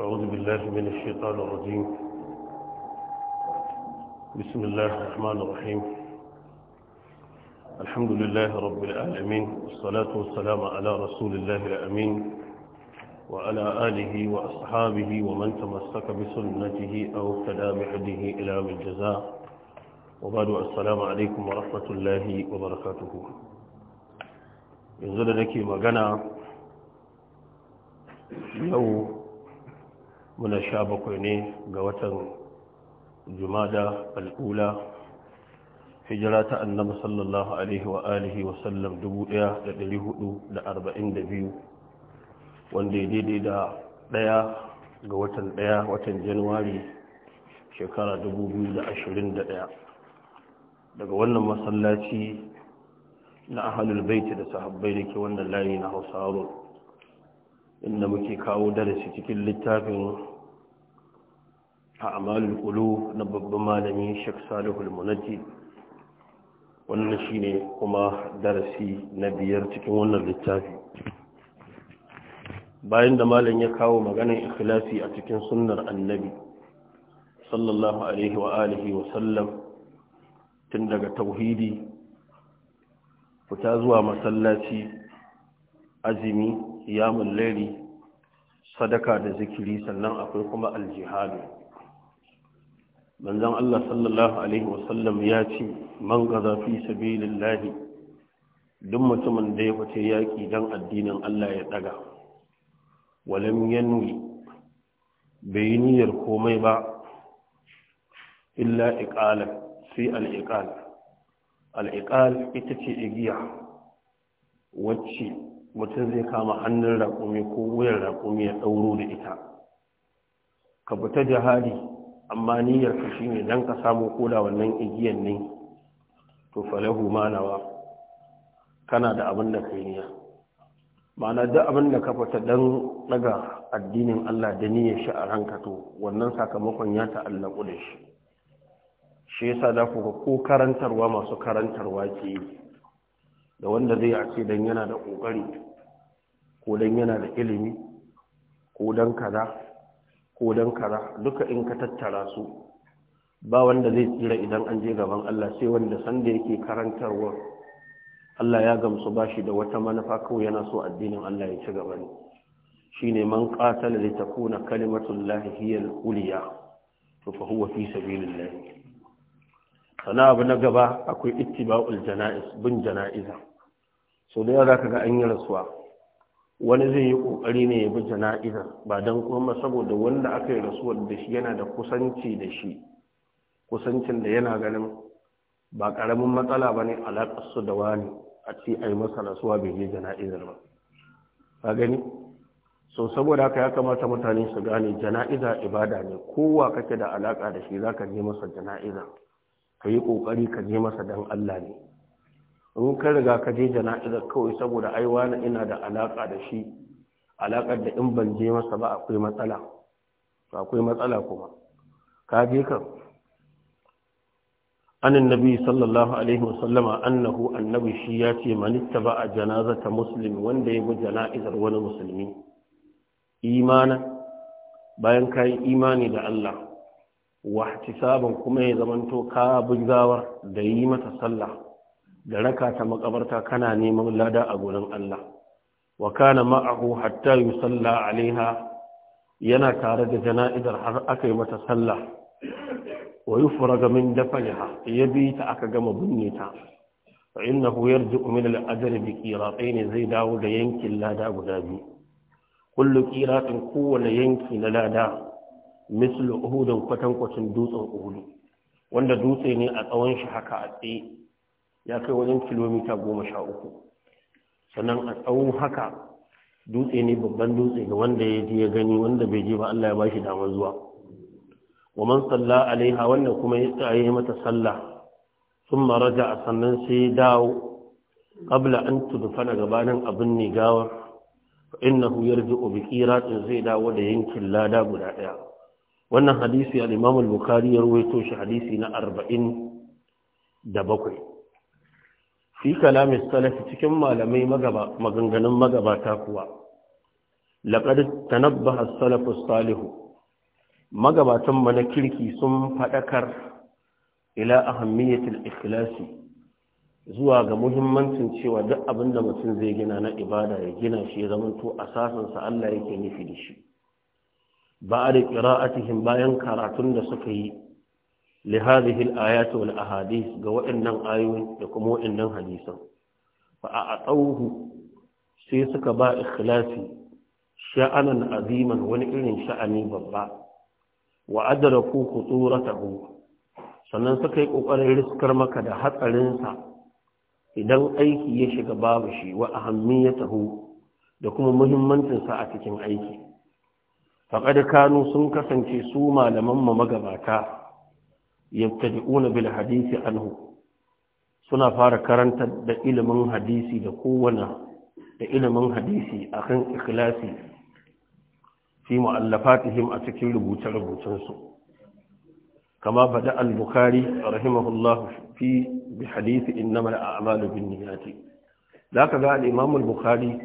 أعوذ بالله من الشيطان الرجيم بسم الله الرحمن الرحيم الحمد لله رب العالمين والصلاة والسلام على رسول الله الأمين وعلى آله وأصحابه ومن تمسك بسنته أو كلام بهديه إلى من الجزاء وبعد السلام عليكم ورحمة الله وبركاته ينزل لك مغنى يوم muna sha bakwai ne ga watan jumada al'ula hijira ta annaba sallallahu alaihi wa alihi wa sallam 1442 wanda ya daidai da daya ga watan daya watan januwari shekara 2021 daga wannan masallaci na ahalul baiti da sahabbai da ke wannan layi na hausa inda muke kawo darasi cikin littafin a'malul qulub na babban malami Sheikh Salihul Munajjid wannan shine kuma darasi na biyar cikin wannan littafi bayan da malam ya kawo maganar ikhlasi a cikin sunnar annabi sallallahu alaihi wa alihi wa sallam tun daga tauhidi fita zuwa masallaci azumi yamun lairi sadaka da zikiri sannan akwai kuma aljihadu manzon Allah sallallahu alaihi wasallam ya ce man gaza fi sabilillahi duk mutumin da ya fice yaƙi dan addinin Allah ya ɗaga. walam yanwi bai niyyar komai ba illa iqala sai al'iƙal. Al'iƙal ita ce igiya wacce mutum zai kama hannun raƙumi ko wuyan raƙumi ya ɗauro da ita ka fita jihadi, amma niyyar ka ne, don ka samu koda wannan igiyan ne to falahu manawa kana da abin da ka yi niyya Mana duk abin da ka fita don daga addinin Allah da niyyar shi a ranka to wannan sakamakon ya ta'allaku da shi shi yasa za ku ko karantarwa masu karantarwa ke yi da wanda zai a ce don yana da ƙoƙari ko don yana da ilimi ko don kaza ko don kaza duka in ka tattara su ba wanda zai tsira idan an je gaban Allah sai wanda sanda yake karantarwa Allah ya gamsu ba shi da wata manufa kawai yana so addinin Allah ya ci gaba ne ne man qatala da ta kuna kalimatun al-ulya to fa huwa fi lahi sana abu na gaba akwai ittiba'ul janaiz bin janaiza so da yawa za ka ga an yi rasuwa wani zai yi ƙoƙari ne ya bi jana'izar ba don kuma saboda wanda aka yi rasuwar da shi yana da kusanci da shi kusancin da yana ganin ba ƙaramin matsala ba ne alaƙarsu da wani a ci a yi masa rasuwa bai yi jana'izar ba ka gani so saboda haka ya kamata mutane su gane jana'iza ibada ne kowa kake da alaƙa da shi za ka je masa jana'iza ka yi ƙoƙari ka je masa don Allah ne in ka riga ka je jana'izar kawai saboda ai wani ina da alaka da shi alakar da in ban je masa ba akwai matsala akwai matsala kuma ka je ka. Anin annabi sallallahu alaihi wasallama annahu annabi shi ya ce man ittaba janazata muslim wanda ya bi jana'izar wani musulmi imana bayan kai imani da Allah wa ihtisaban kuma ya zamanto ka bi da yi mata sallah da raka ta makabarta kana neman lada a gurin Allah wa kana ma'ahu hatta yusalla alaiha yana tare da jana'izar har aka yi mata sallah wa yufraga min dafaha ya bi ta aka gama binne ta fa innahu yarji'u min al-ajri bi qiratayn zai dawo da yankin lada guda biyu kullu qiratin kowane yanki na lada mislu uhudun kwatankwacin dutsen uhudu wanda dutse ne a tsawon shi haka a tsaye ya kai wajen kilomita goma sha uku sannan a tsawon haka dutse ne babban dutse ga wanda ya je ya gani wanda bai je ba Allah ya ba shi damar zuwa wa man salla alaiha wannan kuma ya tsaye mata sallah Sun thumma a sannan sai dawo qabla an tudfana gabanin abin ne gawar fa innahu yarji'u bi qiratin zai dawo da yankin lada guda daya wannan hadisi al-Imam al-Bukhari ya rawaito shi hadisi na arba'in da bakwai fi kalamin salafi cikin malamai maganganun magabata kuwa laƙar tanabbaha salafus salihu magabatan na kirki sun faɗakar ila ahammiyatul ikhlasi zuwa ga muhimmancin cewa duk abinda mutum zai gina na ibada ya gina shi ya zamanto sasansa Allah yake nufi da shi ba a da cikin bayan karatun da suka yi li hadhihi al-ayat wal ahadith ga waɗannan ayoyi da kuma waɗannan hadisan fa a'tawhu sai suka ba ikhlasi sha'anan aziman wani irin sha'ani babba wa adraku khuturatahu sannan suka yi kokarin riskar maka da hatsarinsa idan aiki ya shiga babu shi wa ahammiyatahu da kuma muhimmancinsa a cikin aiki faƙad kanu sun kasance su malaman mu magabata yabtadi'una bil hadisi anhu suna fara karanta da ilimin hadisi da kowane da ilimin hadisi akan ikhlasi fi mu'allafatihim a cikin rubuce su kama bada al-bukhari rahimahullah fi bi hadisi innamal a'malu binniyati zaka ga al-imam al-bukhari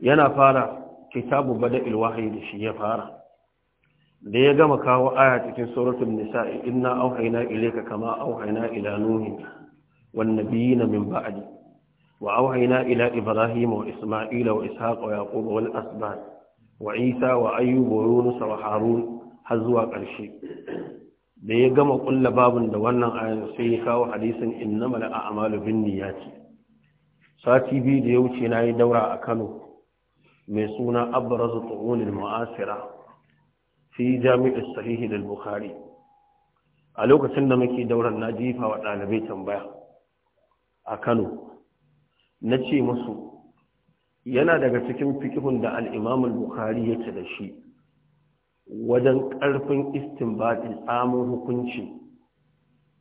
yana fara kitabu bada'il wahyi da shi ya fara da ya gama kawo aya cikin suratul nisa inna auhayna ilayka kama auhayna ila nuhin wan nabiyina min ba'di wa auhayna ila ibrahima wa isma'ila wa ishaqa wa yaqub wal asbat wa isa wa ayyub wa yunus wa harun har zuwa ƙarshe da ya gama ƙulla babun da wannan ayan sai ya kawo hadisin innamal a'malu niyyati sati biyu da ya wuce nayi daura a Kano mai suna abrazu tu'unil mu'asira fi jami'ar sahihi da bukhari a lokacin da muke dauran na jifa wa ɗalibai tambaya a kano na ce musu yana daga cikin fikihun da al'imamul bukhari ce da shi wajen ƙarfin istin istinbaɗin tsamun hukunci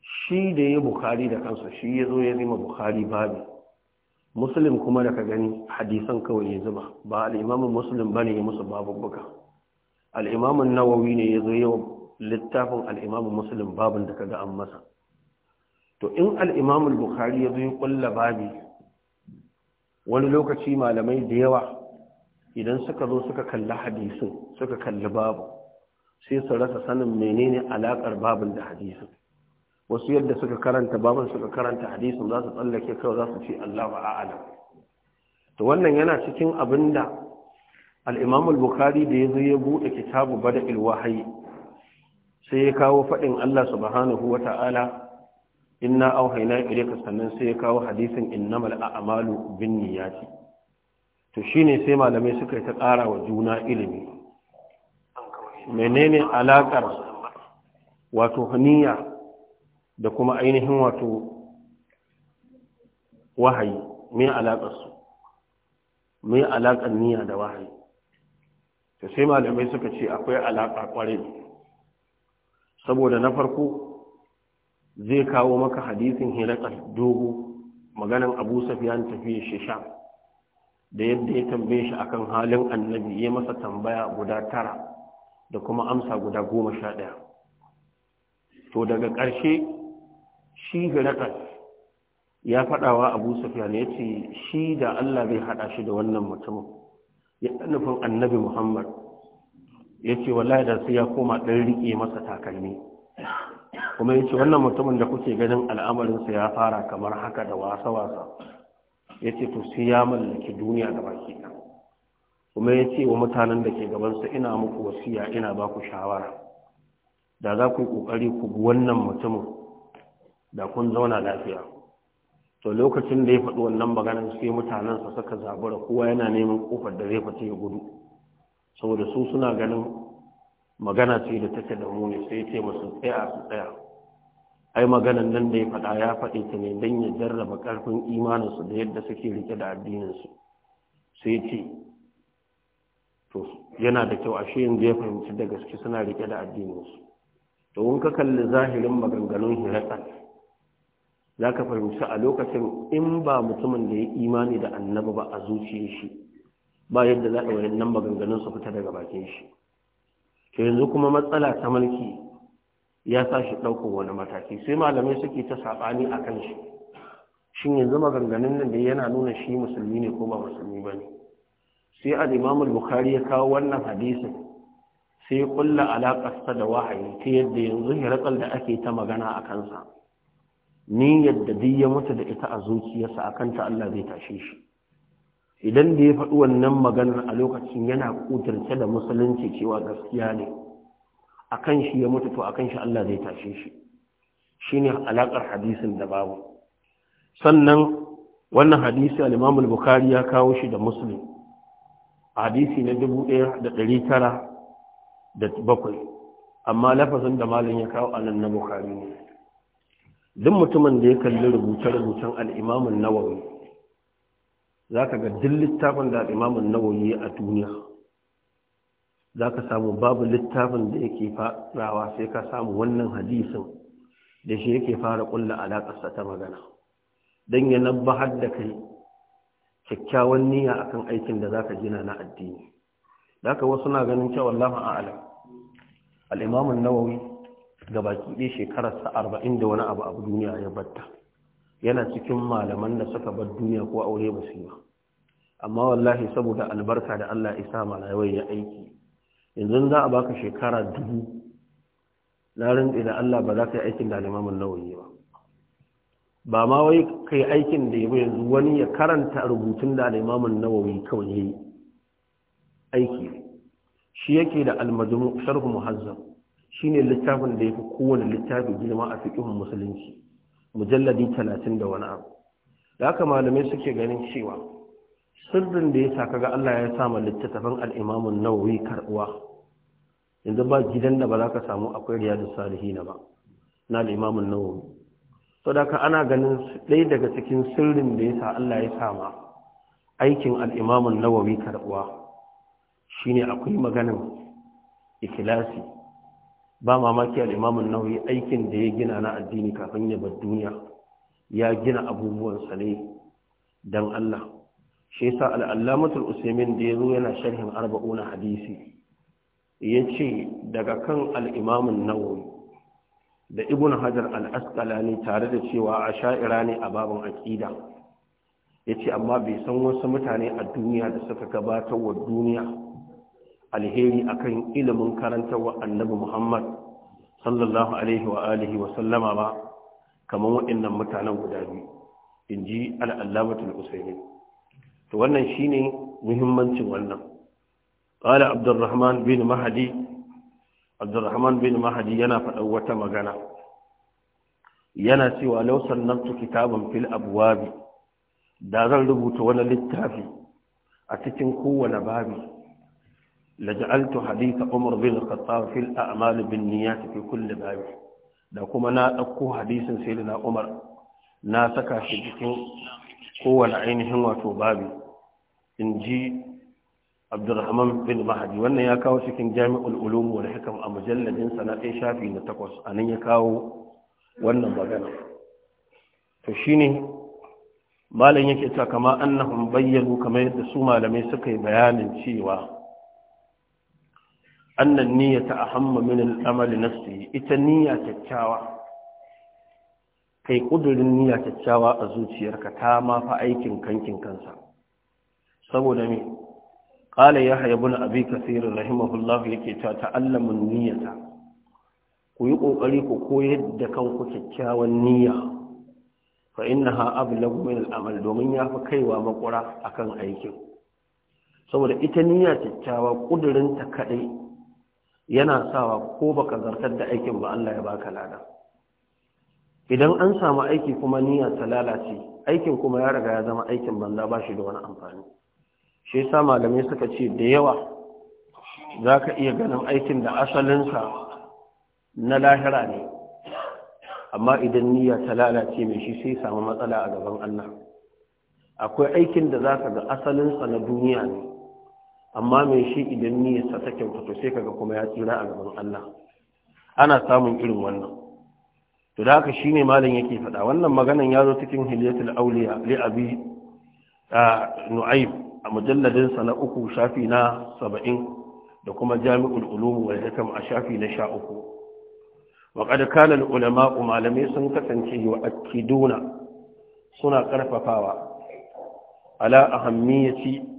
shi da ya bukhari da kansa shi ya zo ya zima bukhari babi muslim kuma da ka gani hadisan kawai ya zuba ba al'imamin Musulun ba ne ya musu babu buka al'imamun nawawi ne ya zo yau littafin al'imamun musulun babin da kaga an masa to in al'imamun Bukhari ya zo ƙulla babi wani lokaci malamai da yawa idan suka zo suka kalli hadisin suka kalli babu sai su rasa sanin menene alaƙar babin da hadisin wasu yadda suka karanta babin suka karanta hadisin za su tsallake kawai za su ce Allah wa a'ala to wannan yana cikin abin da al al-bukhari da yazo ya buɗe kitabu bada wahyi sai ya kawo faɗin Allah subhanahu ta'ala inna auhayna ilayka sannan sai ya kawo hadisin innamal a'malu binniyati to shine sai malamai suka yi ta ƙara wa juna ilimi menene alaƙar wato haniya da kuma ainihin wato wahayi mai alaƙar su alaƙar niyya da wahayi ta sai malamai suka ce akwai alaƙa ƙware saboda na farko zai kawo maka hadisin hirakar dogo maganan abu safiyan tafiye shi sha da yadda ya tambaye shi akan halin annabi ya masa tambaya guda tara da kuma amsa guda goma sha ɗaya to daga ƙarshe shi hirakar ya faɗawa abu safiyan ya ce shi da allah bai haɗa shi da wannan mutumin ya nufin annabi muhammad ya ce wallahi da sai ya koma ɗan riƙe masa takalmi kuma ya ce wannan mutumin da kuke ganin al'amarinsa ya fara kamar haka da wasa-wasa ya ce to sai ya mallaki duniya da baki ɗan kuma ya ce wa mutanen da ke gabansa ina muku wasiya ina ba ku shawara da za ku yi ƙoƙari ku bi wannan mutumin da kun zauna lafiya to lokacin da ya faɗi wannan magana sai mutanen sa suka zabura kowa yana neman kofar da zai fita ya gudu saboda su suna ganin magana ce da take da muni sai ce musu tsaya su tsaya ai maganan nan da ya faɗa ya faɗi ta ne don ya jarraba ƙarfin imaninsu da yadda suke rike da addininsu sai ce to yana da kyau ashe da ya fahimci da gaske suna rike da addinin su to in ka kalli zahirin maganganun hiratan za ka fahimci a lokacin in ba mutumin da ya imani da annaba ba a zuciya shi ba yadda za a wani nan maganganun su fita daga bakin shi ke yanzu kuma matsala ta mulki ya sa shi ɗaukar wani mataki sai malamai suke ta saɓani a kan shi shin yanzu maganganun nan da yana nuna shi musulmi ne ko ba musulmi ba ne sai a imam bukhari ya kawo wannan hadisin sai ya kulla alaƙarsa da wahayi ta yadda yanzu hirakal da ake ta magana a kansa niyyar da duk ya mutu da ita a zuciyarsa a ta Allah zai tashe shi idan da ya faɗi wannan maganar a lokacin yana kuturce da musulunci cewa gaskiya ne a kan shi ya mutu to a kan shi Allah zai tashe shi shine alaƙar hadisin da babu sannan wannan hadisi al-Imam ya kawo shi da Muslim hadisi na 1907 amma lafazin da malam ya kawo anan na Bukhari ne duk mutumin da ya kalli rubuce-rubucen al'imamun nawawi za ka ga duk littafin da al'imamun nawawi a duniya za ka samu babu littafin da yake farawa sai ka samu wannan hadisin da shi yake fara kulla alaƙarsa ta magana don ya nabba da kai kyakkyawan niyya akan aikin da za ka gina na addini da wasu na ganin cewa lama al'imamun nawawi ga baki ɗaya shekararsa arba'in da wani abu a duniya ya batta yana cikin malaman da suka bar duniya ko aure ba su yi ba amma wallahi saboda albarka da Allah isa malayawai ya aiki yanzu za a baka shekara dubu na rinɗe da Allah ba za ka yi aikin da limamin nawayi ba ba ma wai ka yi aikin da ya yanzu wani ya karanta rubutun da limamin wai kawai yayi aiki shi yake da almajmu sharhu muhazzam shine littafin da yafi kowane littafi girma a fiqhun musulunci mujalladi talatin da wani abu da haka malamai suke ganin cewa sirrin da ya sa kaga Allah ya sama littattafan al-Imam an-Nawawi yanzu ba gidan da ba za ka samu akwai riyadus na ba na al-Imam an-Nawawi to da ka ana ganin ɗaya daga cikin sirrin da ya sa Allah ya sama aikin al-Imam an-Nawawi karbuwa shine akwai maganin ikhlasi ba mamaki al'imamun nauyi aikin da ya gina na addini kafin ya bar duniya ya gina abubuwansa ne don Allah shi yasa al'allamatul usaimin da ya zo yana sharhin arba'una hadisi ya ce daga kan al'imamun nauyi da ibn hajar ne tare da cewa a sha'ira ne a babin aƙida ya ce amma bai san wasu mutane a duniya da suka gabatar wa duniya alheri akan ilimin karantar wa annabi Muhammad sallallahu alaihi wa alihi wa sallama ba kamar waɗannan mutanen guda biyu in ji al'allamatul usaini to wannan shine muhimmancin wannan qala abdurrahman bin mahdi abdurrahman bin mahdi yana faɗa wata magana yana cewa law sannabtu kitaban fil abu-wabi. da zan rubuta wani littafi a cikin kowane babi لجعلت حديث عمر بن الخطاب في الأعمال بالنيات في كل باب da kuma na ɗauko hadisin sai na umar na saka shi cikin kowane ainihin wato babi in ji abdurrahman bin mahadi wannan ya kawo cikin jami'ul ulumu wal hikam a mujalladin na ɗaya shafi na takwas a nan ya kawo wannan magana to shine malam yake cewa kama annahum bayyanu kamar yadda su malamai suka yi bayanin cewa annan niyyata ahamma min al-amal nafsihi ita niyya kyakkyawa kai kudurin niyya kyakkyawa a zuciyarka ta ma fa aikin kankin kansa saboda me qala yahya ibn abi kathir rahimahullah yake ta ta'allamu niyyata ku yi kokari ku koyar da kanku kyakkyawan niyya fa innaha ablagu min al-amal domin yafi kaiwa makura akan aikin saboda ita niyya kyakkyawa kudurinta kadai yana sawa ko baka zartar da aikin ba Allah ya baka lada idan an samu aiki kuma niyya ta lalace aikin kuma ya riga ya zama aikin banza ba shi da wani amfani shi yasa malamai suka ce da yawa zaka iya ganin aikin da asalinsa na lahira ne amma idan niyya ta lalace mai shi sai samu matsala a gaban Allah akwai aikin da zaka ka ga asalinsa na duniya ne amma mai shi idan niyyarsa ta kyauta sai kaga kuma ya tsira a gaban Allah ana samun irin wannan to da haka shine malam yake faɗa wannan maganan yaro cikin hilyatul auliya li abi nu'aib a mujalladin sa na uku shafi na saba'in, da kuma jami'ul ulum wal hikam a shafi na 13 wa qad kana al ulama malamai sun kasance wa akiduna suna karfafawa ala ahammiyati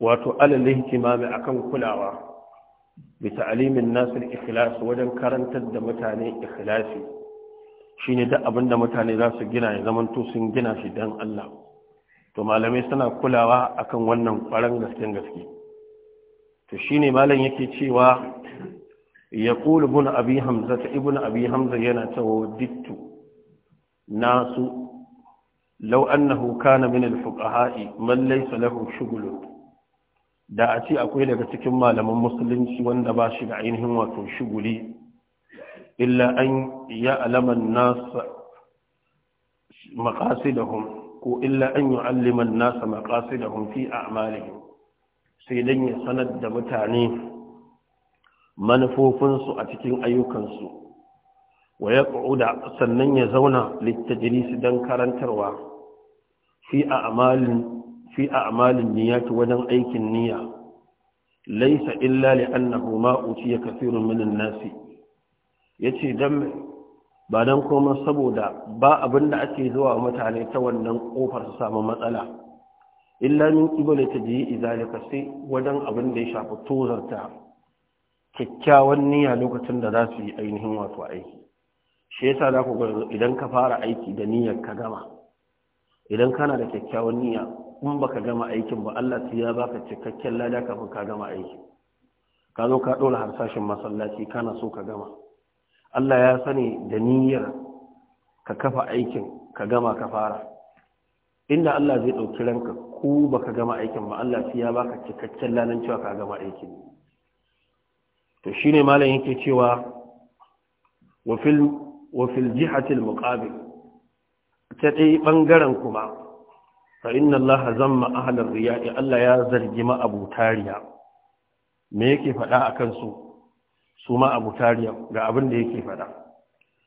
wato alal ihtimami akan kulawa bi alimin nasir al wajen karantar da mutane ikhlasi shine duk abinda mutane za su gina ya zaman sun gina shi dan Allah to malamai suna kulawa akan wannan kwaran gasken gaske to shine malam yake cewa yaqulu ibn abi hamza ibn abi hamza yana cewa dittu nasu Lau, annahu kana min al-fuqaha man laysa lahu da a ce akwai daga cikin malaman musulunci wanda ba shi da ainihin wato shuguli illa an ya alaman nasa maqasidahum ko illa an yu'alliman nasa maqasidahum fi a'malihim sai dan ya sanar da mutane manufofinsu a cikin ayyukansu wa ya sannan ya zauna littajirisi don karantarwa fi a amalin fi a'malin niyyati wajen aikin niyya laysa illa li annahu ma utiya kathirun min an-nasi yace dan ba dan komai saboda ba abinda ake zuwa mutane ta wannan kofar su samu matsala illa min qibla tajii zalika sai wajen abin da ya shafi tozarta kyakkyawan niyya lokacin da za su yi ainihin wato aiki shi yasa za ku idan ka fara aiki da niyyar ka gama idan kana da kyakkyawan niyya kuma baka gama aikin ba Allah sai ya baka cikakken lada kafin ka gama aiki ka zo ka dora harsashin masallaci kana so ka gama Allah ya sani da niyyar ka kafa aikin ka gama ka fara inda Allah zai dauki ranka ko baka gama aikin ba Allah sai ya baka cikakken ladan cewa ka gama aikin to shine malam yake cewa wa fil wa fil jihati al muqabil ta dai bangaren kuma fa inna Allah zamma ahlar riya'i Allah ya zargi ma me yake faɗa akan su su ma abutariya ga abin da yake faɗa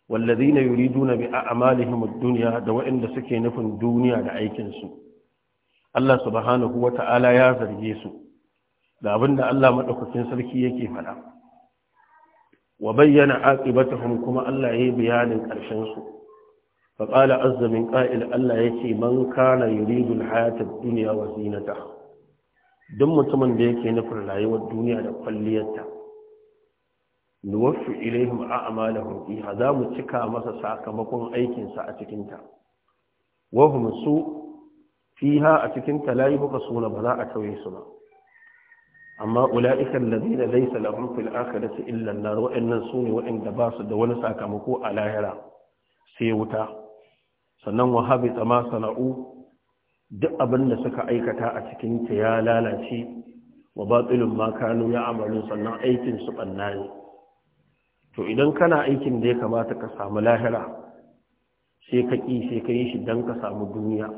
wallazina yuriduna bi a ad duniya da waɗanda suke nufin duniya da aikinsu? Allah subhanahu wata'ala ya zarge su da abin da Allah maɗaukacin sarki yake faɗa wa bayyana aqibatahum kuma Allah yayi bayanin ƙarshen su فقال عز من قائل الله يتي من كان يريد الحياة الدنيا وزينتها دم متمن da yake nufin rayuwar duniya da kwalliyarta nuwaffi ilaihim a'malahum fiha za mu cika masa sakamakon aikinsa a cikin ta fiha a cikin ta suna ba za a tauye su ba amma ulaika alladhina laysa lahum fil akhirati illa an-nar wa innan sunu wa inda basu da wani sakamako a lahira sai wuta sannan wahabi tsama sana'u duk abin da suka aikata a cikin ta ya lalace wa batilun ma ya amalu sannan aikin su banna ne to idan kana aikin da ya kamata ka samu lahira sai ka ƙi sai ka yi shi don ka samu duniya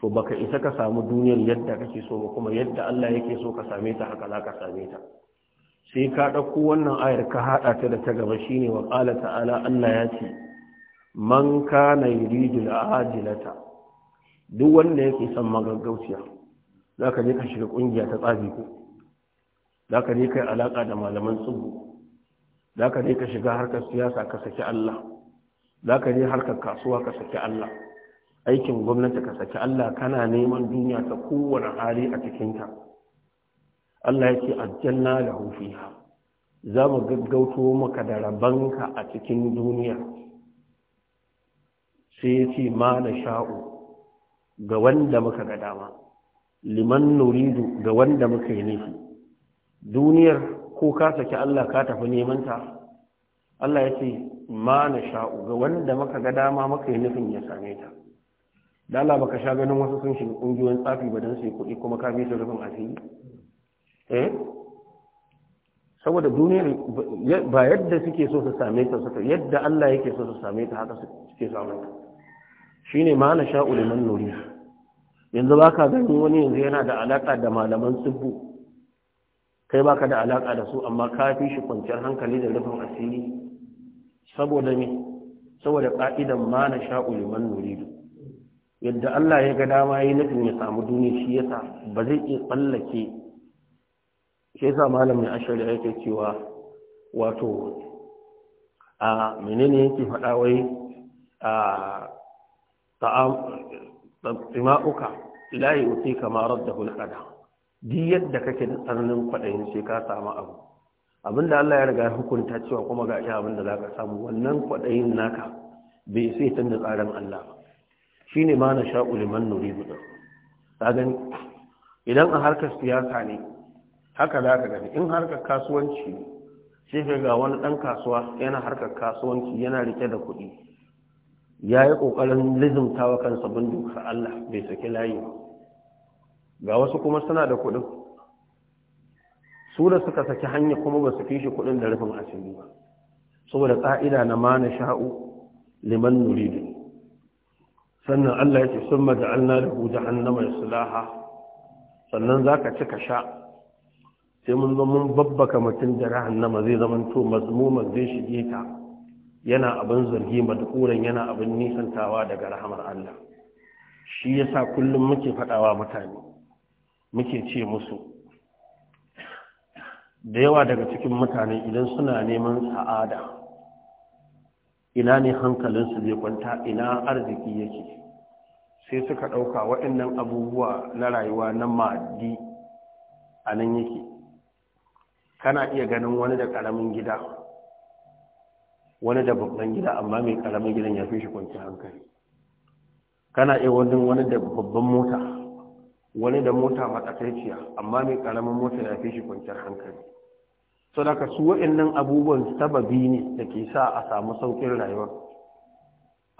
to baka isa ka samu duniyar yadda kake so ba kuma yadda Allah yake so ka same ta haka za ka same ta sai ka ɗauko wannan ayar ka haɗa ta da ta gaba shine wa ƙala ta'ala Allah ya ce man kana yuridul ajilata duk wanda yake son magaggauciya za ka je ka shiga kungiya ta tsafi ko za ka je kai alaka da malaman tsubu za ka je ka shiga harkar siyasa ka saki Allah za ka je harkar kasuwa ka saki Allah aikin gwamnati ka saki Allah kana neman duniya ta kowane hali a cikin ta Allah yake ce da lahu fiha za mu gaggauto maka da rabanka a cikin duniya sai ya ce ma na sha'u ga wanda muka ga dama liman nuridu ga wanda muka yi nufi duniyar ko ka saki Allah ka tafi neman ta Allah ya ce ma na sha'u ga wanda muka ga dama muka yi nufin ya same ta da Allah baka sha ganin wasu sun shiga kungiyoyin tsafi ba don su yi kuɗi kuma ka su rufin asiri eh saboda duniyar ba yadda suke so su same ta suka yadda Allah yake so su same ta haka suke samun ta shine ma na sha'u man nuri yanzu baka ganin wani yanzu yana da alaƙa da malaman tsibbu kai baka da alaƙa da su amma ka fi shi kwanciyar hankali da rufin asiri saboda me saboda ƙa'idan ma na shauliman nuri yadda Allah ya ga dama yi nufin ya samu duniya shi yasa ba zai iya tsallake shi yasa malamin ashari ke cewa wato a menene yake faɗa wai a tsima'uka layi wuce kamar da hulƙada di yadda kake da tsananin kwaɗayin sai ka samu abu abinda Allah ya riga ya hukunta cewa kuma ga shi abinda za ka samu wannan kwaɗayin naka bai sai da tsarin Allah ba shi ne ma na sha'u liman nuri buɗa ta gani idan a harkar siyasa ne haka za ka gani in harkar kasuwanci sai ga wani ɗan kasuwa yana harkar kasuwanci yana rike da kuɗi ya yi ƙoƙarin lizimta wa kansa bin dukkan Allah bai saki layi ga wasu kuma suna da kuɗin su da suka saki hanya kuma ba su fi shi kuɗin da rufin asiri ba saboda ƙa'ida na ma na sha'u liman nuridu sannan Allah ya ce sun maja'alna da hu jahannama sulaha sannan za ka ci ka sha sai mun zo mun babbaka mutum da rahannama zai zama to mazmumar zai shige ta yana abin zargi madukuran yana abin nisantawa daga rahamar Allah shi yasa kullum muke faɗawa mutane muke ce musu da yawa daga cikin mutane idan suna neman sa'ada ina ne hankalinsu zai kwanta ina arziki yake sai suka ɗauka waɗannan abubuwa na rayuwa na ma'addi a nan yake kana iya ganin wani da ƙaramin gida wani da babban gida amma mai karamin gidan ya fi shi kwanci hankali kana iya wani wani da babban mota wani da mota matsakaiciya amma mai karamin mota ya fi shi kwanciyar hankali so da ka su waɗannan abubuwan sababi ne da ke sa a samu sauƙin rayuwa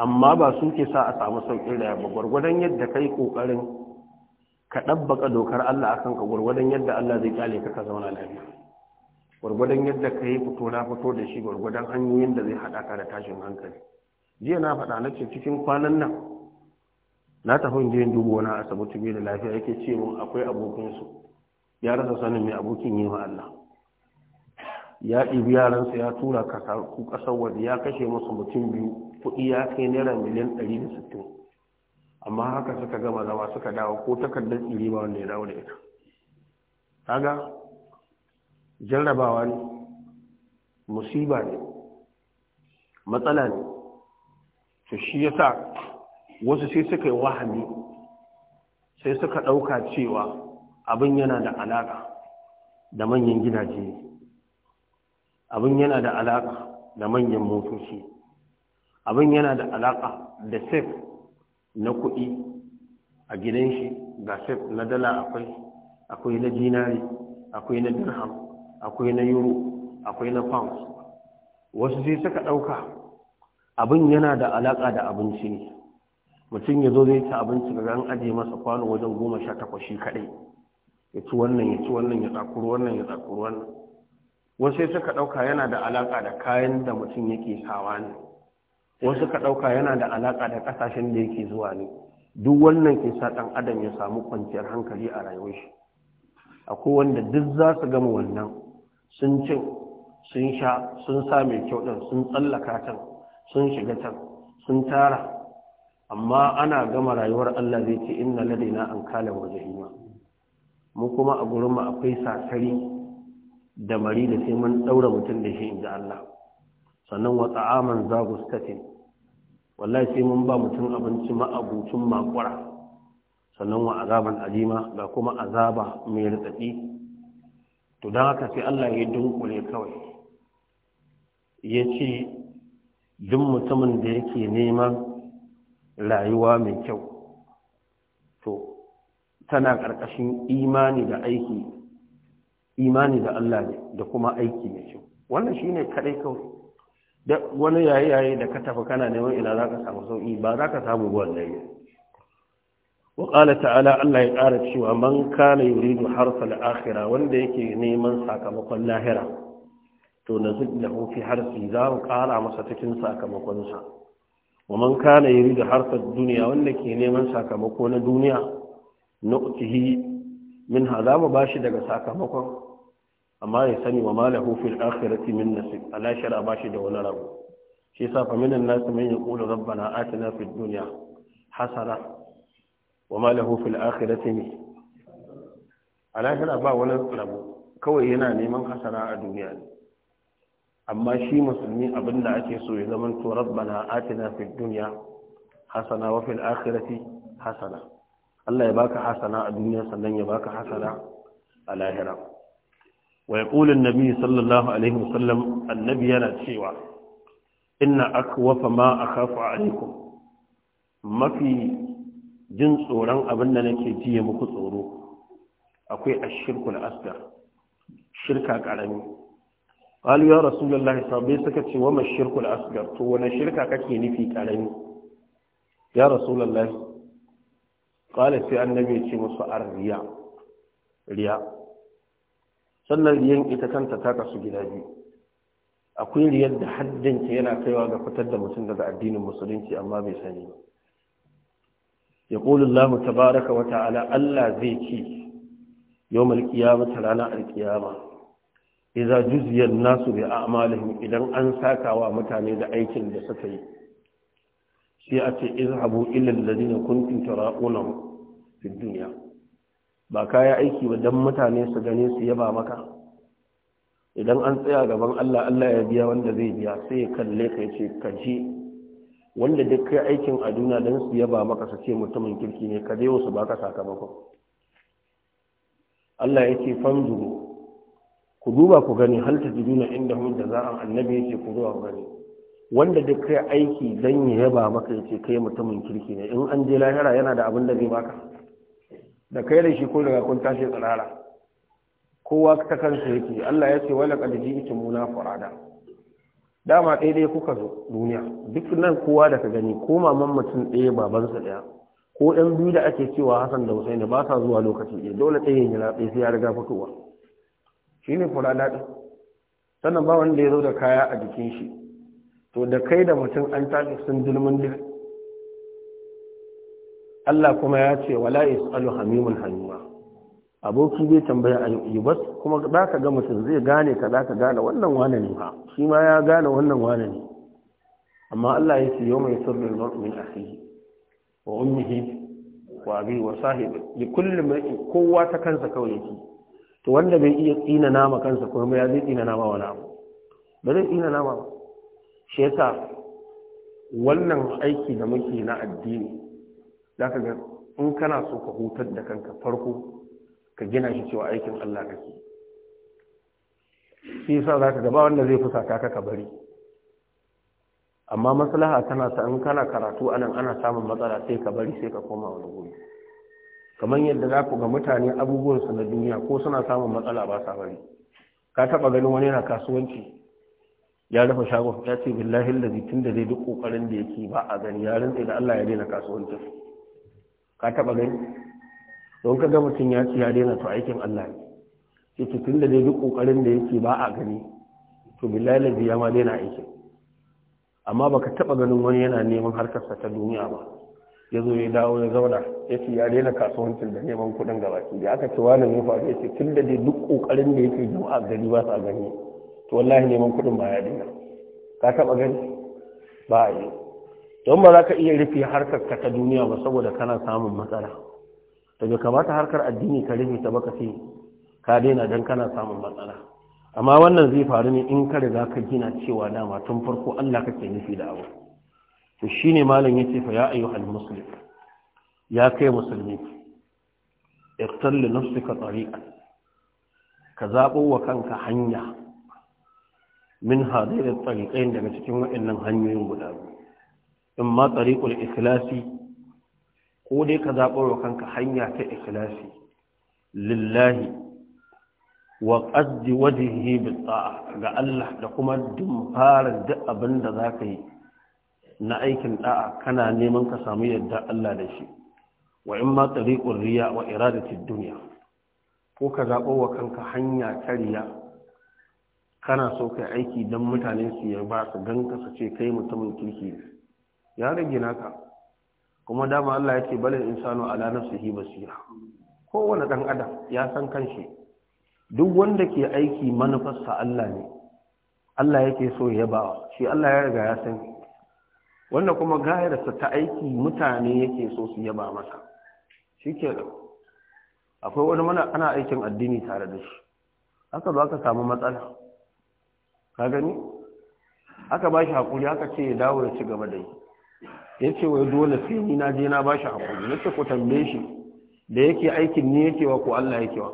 amma ba su ke sa a samu sauƙin rayuwa ba gwargwadon yadda kai ƙoƙarin ka ɗabbaka dokar Allah akan ka gwargwadon yadda Allah zai kyale ka ka zauna lafiya gwargwadon yadda ka yi fito na fito da shi gwargwadon hanyoyin da zai haɗaka da tashin hankali jiya na faɗa na ce cikin kwanan nan na tafi in je in dubo wani asibiti bai da lafiya yake ce mun akwai abokinsu ya rasa sanin mai abokin yi wa Allah ya ɗibi yaransa ya tura ku ƙasar waje ya kashe musu mutum biyu kuɗi ya kai naira miliyan ɗari da sittin amma haka suka gama zama suka dawo ko takardar tsiri ba wanda ya dawo da ita kaga jarrabawa ne musiba ne matsala ne to shi yasa wasu sai suka yi wahami sai suka ɗauka cewa abin yana da alaƙa da manyan gidaje abin yana da alaƙa da manyan motoci abin yana da alaƙa da sef na kuɗi a gidan shi ga sef na dala akwai akwai na dinari akwai na dirham akwai na euro akwai na pound wasu sai suka ɗauka abin yana da alaƙa da abinci ne mutum ya zo zai ci abinci ga an aje masa kwano wajen goma sha takwas shi kaɗai ya ci wannan ya ci wannan ya tsakuru wannan ya tsakuru wannan wasu sai suka ɗauka yana da alaƙa da kayan da mutum yake sawa ne wasu suka ɗauka yana da alaƙa da ƙasashen da yake zuwa ne duk wannan ke sa ɗan adam ya samu kwanciyar hankali a rayuwar shi akwai wanda duk za su gama wannan sun cin sun sha sun sa mai kyau ɗin sun tsallaka can sun shiga can sun tara amma ana gama rayuwar Allah zai ce inna ladaina an kala wa mu kuma a gurin mu akwai sasari da mari da sai mun daura mutum da shi inda Allah sannan wa ta'aman gustati wallahi sai mun ba mutum abinci ma'abucin makwara sannan wa azaban alima ga kuma azaba mai radadi to don haka sai Allah ya dunkule kawai ya ce duk mutumin da yake neman rayuwa mai kyau to tana ƙarƙashin imani da aiki imani da Allah ne da kuma aiki mai kyau wannan shi ne kaɗai kawai wani yayi yayi da ka tafi kana neman ina za ka samu sauƙi ba za ka samu buwan da وقال تعالى الله يقارب شو من كان يريد حرث الآخرة يكي نيما ساكمق اللاهرة نزد له في حرث إذا وقال عمستكين ساكمق نسا ومن كان يريد حرث الدنيا يكي نيما ساكمق الدنيا نؤته من هذا مباشد ساكمق أما يسني وما له في الآخرة من نسب ألا شرع باشد ولا رب شيء فمن الناس من يقول ربنا آتنا في الدنيا حسنا wa ma lahu fil akhirati min ba wani rabo kawai yana neman hasara a duniya ne amma shi musulmi abin da ake so ya zama to rabbana atina fid dunya hasana wa fil akhirati hasana Allah ya baka hasana a duniya sannan ya baka hasana a lahira wa yaqulu an-nabi sallallahu alaihi wasallam annabi yana cewa inna akwafa ma akhafu alaikum mafi jin tsoron abin da nake jiye muku tsoro akwai ashirkul asgar shirka karami qalu ya rasulullahi sabai suka ce wa mashirkul asgar to wani shirka kake nufi karami ya rasulullahi qala sai annabi ce musu arriya riya sannan riyan ita kanta ta kasu gida biyu akwai riyar da haddinta yana kaiwa ga fitar da mutum daga addinin musulunci amma bai sani ba يقول الله تبارك وتعالى ألا ذيكي يوم القيامة لنا القيامة إذا جزي الناس بأعمالهم إذا أنساك ومتاني دعيك لسكي سيأتي اذهبوا إلى الذين كنتم تراؤونهم في الدنيا بكايا أيكي ودمتاني سجني سيبا مكا idan an tsaya gaban Allah Allah ya biya wanda zai biya sai kalle ka ce ka wanda duk kai aikin a duniya don su yaba maka su ce mutumin kirki ne ka je wasu baka sakamakon Allah ya ce fanzuru ku duba ku gani halta ta duna inda hun da za'an annabi ya ce ku zuwa ku gani wanda duk kai aiki don ya yaba maka ya ce kai mutumin kirki ne in an je lahira yana da abin da zai baka da kai da shi ko daga kun tashi tsirara kowa ta kansa yake Allah ya ce wala qad ji'tum munafirada dama ɗaya ɗaya kuka zo duniya duk nan kowa da ka gani ko maman mutum ɗaya babansa ɗaya ko ɗan biyu da ake cewa Hassan da Hussein ba sa zuwa lokaci ɗaya dole ɗaya ya yana ɗaya sai ya riga fitowa Shi ne fura daɗi sannan ba wanda ya zo da kaya a jikin shi to da kai da mutum an tashi sun dulmin duk Allah kuma ya ce wala yasalu hamimun hamima aboki zai tambaya a yi bas kuma za ka ga mutum zai gane ka za ka gane wannan wane ne ha shi ma ya gane wannan wane ne amma Allah ya ce yau mai sirrin min akhihi wa ummihi wa abi wa sahibi li kulli mar'in kowa ta kansa kawai yake to wanda bai iya tsina nama kansa ko ya zai tsina nama wa abu ba zai tsina nama ba shi yasa wannan aiki da muke na addini zaka ga in kana so ka hutar da kanka farko ka gina shi cewa aikin Allah ka ke. shi yasa za ka gaba wanda zai fusata kaka ka bari amma maslaha tana ta in kana karatu anan ana samun matsala sai ka bari sai ka koma wani guri kamar yadda za ku ga mutane abubuwansu na duniya ko suna samun matsala ba sa bari ka taɓa ganin wani yana kasuwanci ya rufe shagon ya ce billahi tun da zai duk ƙoƙarin da yake ba a gani ya rantsa da Allah ya daina kasuwancin ka taɓa gani don kaga mutum ya ci ya daina to aikin Allah ne ce tun da dai duk kokarin da yake ba a gani to billahi lazi ya ma daina aikin amma baka taba ganin wani yana neman harkarsa ta duniya ba ya zo ya dawo ya zauna ya ce ya daina kasuwancin da neman kuɗin gaba ki da aka ce wani ne faru ya ce tun da dai duk kokarin da yake a gani ba sa gani to wallahi neman kuɗin ba ya daina ka taba gani ba a yi don ba za ka iya rufe harkarka ta duniya ba saboda kana samun matsala da bai kamata harkar addini ka rufe ta baka sai ka daina don kana samun matsala amma wannan zai faru ne in ka riga ka gina cewa dama tun farko Allah kake nufi da abu to shi ne malam ya ce fa ya al muslim ya kai musulmi iqtal li nafsika tariqan ka zabo wa kanka hanya min hadir tariqain daga cikin waɗannan hanyoyin guda biyu imma tariqul ikhlasi ko dai ka zaɓar wa kanka hanya ta ikhlasi lillahi wa qaddi wajhihi bi ga Allah da kuma fara duk abin da ka yi na aikin da'a kana neman ka samu yadda Allah da shi wa in ma tariqur riya wa iradatid duniya ko ka zaɓar wa kanka hanya ta kana so kai aiki don mutane su yarba su ganka su ce kai mutumin kirki ya rage naka kuma dama Allah ya ce balin insanu ala nafsihi basira kowane dan adam ya san kanshi duk wanda ke aiki manufarsa Allah ne Allah yake so ya ba shi Allah ya riga ya san wanda kuma gayarsa ta aiki mutane yake so su yaba masa da akwai wani mana ana aikin addini tare da shi haka ba ka samu matsala ka gani aka ba shi hakuri aka ce ya dawo ya ci gaba da yi ya ce wai dole sai ni na je na ba shi haƙuri na ce ku tambaye shi da yake aikin ni yake wa ko Allah yake wa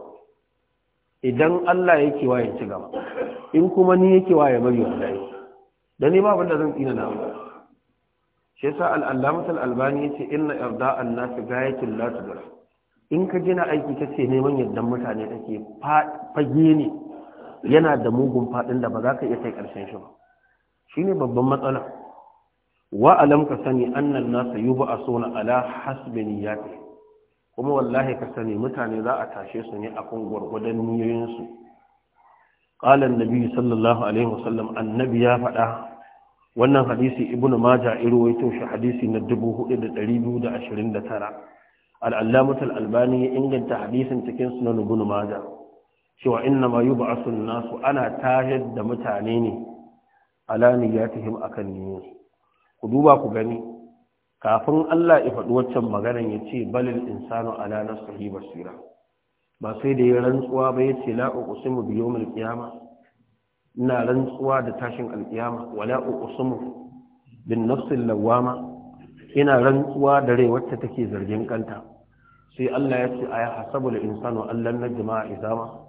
idan Allah yake wa ya ci gaba in kuma ni yake wa ya bari wallahi dai da ni ba da zan tsina na shi yasa al-allama al-albani yace inna irda an-nas gayatul la tudra in ka gina aiki kace neman yaddan mutane take fage ne yana da mugun fadin da ba za ka iya kai karshen shi ba shine babban matsala wa alam ka sani annan nasa yub'asuna ala hasbi niyyati kuma wallahi ka sani mutane za a tashe su ne kun gwargwadon niyoyinsu qala annabi sallallahu alaihi wasallam annabi ya faɗa wannan hadisi ibnu maja irwaito shi hadisi na 4229 al-allamatul albani ya inganta hadisin cikin sunan ibnu maja cewa inna ma yub'asun nasu ana tayar da mutane ne ala niyyatihim akan niyyarsu ku duba ku gani kafin Allah ya faɗi waccan maganan ya ce balil insanu ala nafsihi basira ba sai da ya rantsuwa ba ya ce la uqsimu bi ina rantsuwa da tashin alqiyama wala uqsimu bin nafsin lawama ina rantsuwa da rai wacce take zargin kanta sai Allah ya ce aya Allah na allan najma izama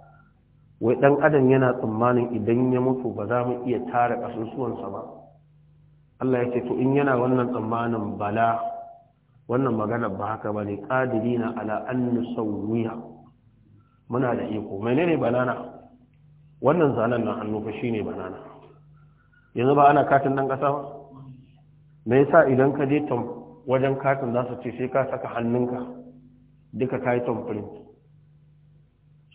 wai dan adam yana tsammanin idan ya mutu ba za mu iya tara kasusuwansa ba Allah ya ce to in yana wannan tsammanin bala wannan magana ba haka ba ne ƙadirina ala ala'annu sauwiya muna da iko menene banana wannan zanen na hannu fa shine banana yanzu ba ana katin ɗan ƙasa ba me yasa idan ka je wajen katin za su ce sai ka saka hannunka duka ka yi tamfirin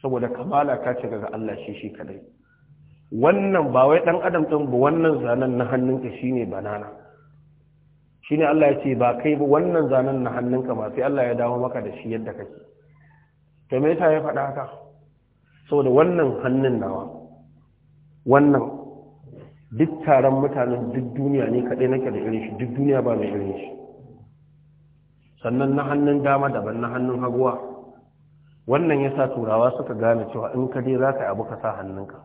saboda kamala ka ce daga Allah shi shi kadai wannan ba wai ɗan adam ɗin ba wannan zanen na hannunka shine banana Shi ne Allah ya ce ba kai ba wannan zanen na hannunka ba sai Allah ya dawo maka da shi yadda kake ta me ta ya faɗa haka saboda wannan hannun nawa wannan duk taron mutanen duk duniya ne kaɗai nake da irin shi duk duniya ba mai irin shi sannan na hannun dama daban na hannun haguwa wannan yasa turawa suka gane cewa in ka dai za ka abu ka sa hannunka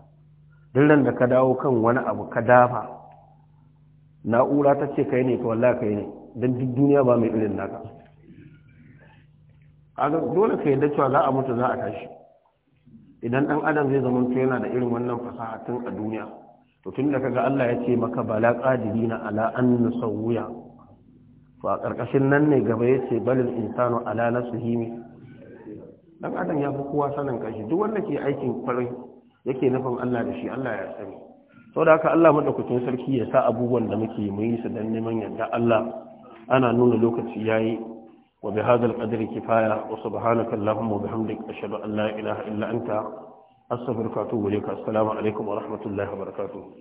duk da ka dawo kan wani abu ka dafa na'ura ta ce kai ne to wallahi kai ne don duk duniya ba mai irin naka dole ka yadda cewa za a mutu za a tashi idan dan adam zai zama to yana da irin wannan fasaha tun a duniya to tun da kaga Allah ya ce maka bala na ala an nusawiya to a karkashin nan ne gaba ya yace balil insanu ala himi dan adam ya fi kowa sanin kashi duk wanda ke aikin farin yake nufin Allah da shi Allah ya sani sau da haka Allah maɗaukacin sarki ya sa abubuwan da muke mun yi su don neman yadda Allah ana nuna lokaci ya yi wa bi hadal qadri kifaya wa subhanaka allahumma wa bihamdik ashhadu an la ilaha illa anta astaghfiruka wa atubu ka, assalamu alaikum wa rahmatullahi wa barakatuh